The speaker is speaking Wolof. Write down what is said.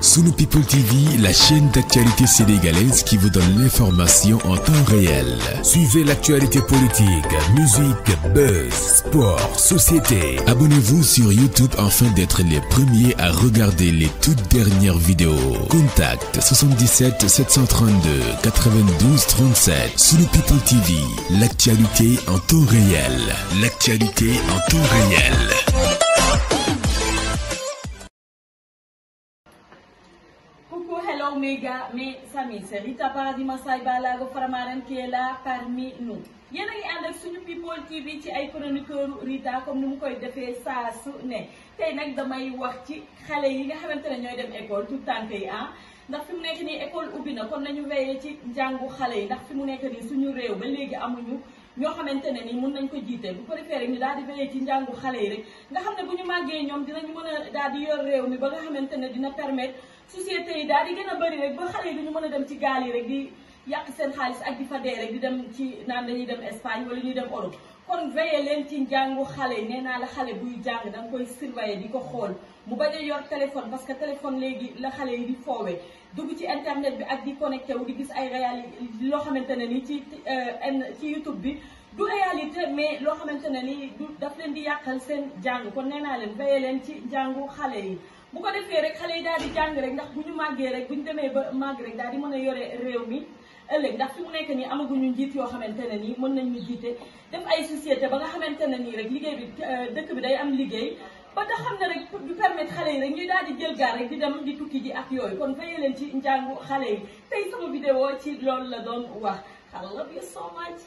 Sunu People TV, la chaîne d'actualité sénégalaise qui vous donne l'information en temps réel. Suivez l'actualité politique, musique, buzz, sport, société. Abonnez-vous sur YouTube afin d'être les premiers à regarder les toutes dernières vidéos. Contact 77 732 92 37. Sunu People TV, l'actualité en temps réel. L'actualité en temps réel. coucou, hello méga, mes amis, c'est Rita Paradis Massay Balago Faramaren qui est là parmi nous. yéen a ngi ànd ak suñu people TV ci ay chroniqueur Rita comme ni mu koy defee saa su ne tey nag damay wax ci xale yi nga xamante ne ñooy dem école tout tànk yi ah ndax fi mu nekk nii école ubbi na kon nañu wéyee ci njàngu xale yi ndax fi mu nekk nii suñu réew ba léegi amuñu. ñoo xamante ne ni mun nañ ko jiitee jiite bu préféré ñu daal di veillé ci njàngu xale yi rek nga xam ne bu ñu màggee ñoom dinañ mën a daal di yor réew mi ba nga xamante ne dina permettre société yi daal di gën a bari rek ba xale yi ñu mën a dem ci gaal yi rek di yàq seen xaalis ak di fa dee rek di dem ci naan dañuy dem Espagne wala ñuy dem Europe kon veillé leen ci njàngu xale yi nee naa la xale buy jàng da nga koy surveiller di ko xool mu ba a yor téléphone parce que téléphone léegi la xale yi di foowee dugg ci internet bi ak di connecté wu di gis ay réalité loo xamante ne nii ci euh, ci YouTube bi du réalité mais loo xamante ne nii du daf leen di yàqal seen jàng kon nee naa leen veillé leen ci njàngu xale yi bu ko defee rek xale yi daal di jàng rek ndax bu ñu màggee rek bu ñu demee ba màgg rek daal di mën a yore réew mi ëllëg ndax fi mu nekk nii amaguñu njiit yoo xamante ne nii mën nañu jiite def ay société ba nga xamante ne nii rek liggéey bi euh, dëkk bi day am liggéey ba nga xam ne rek du permettre xale yi rek ñuy daal di jël gaar rek di dem di tukki ji ak yooyu kon fayee leen ci njàngu xale yi tey sama vidéo ci loolu la waa wax xala bi so much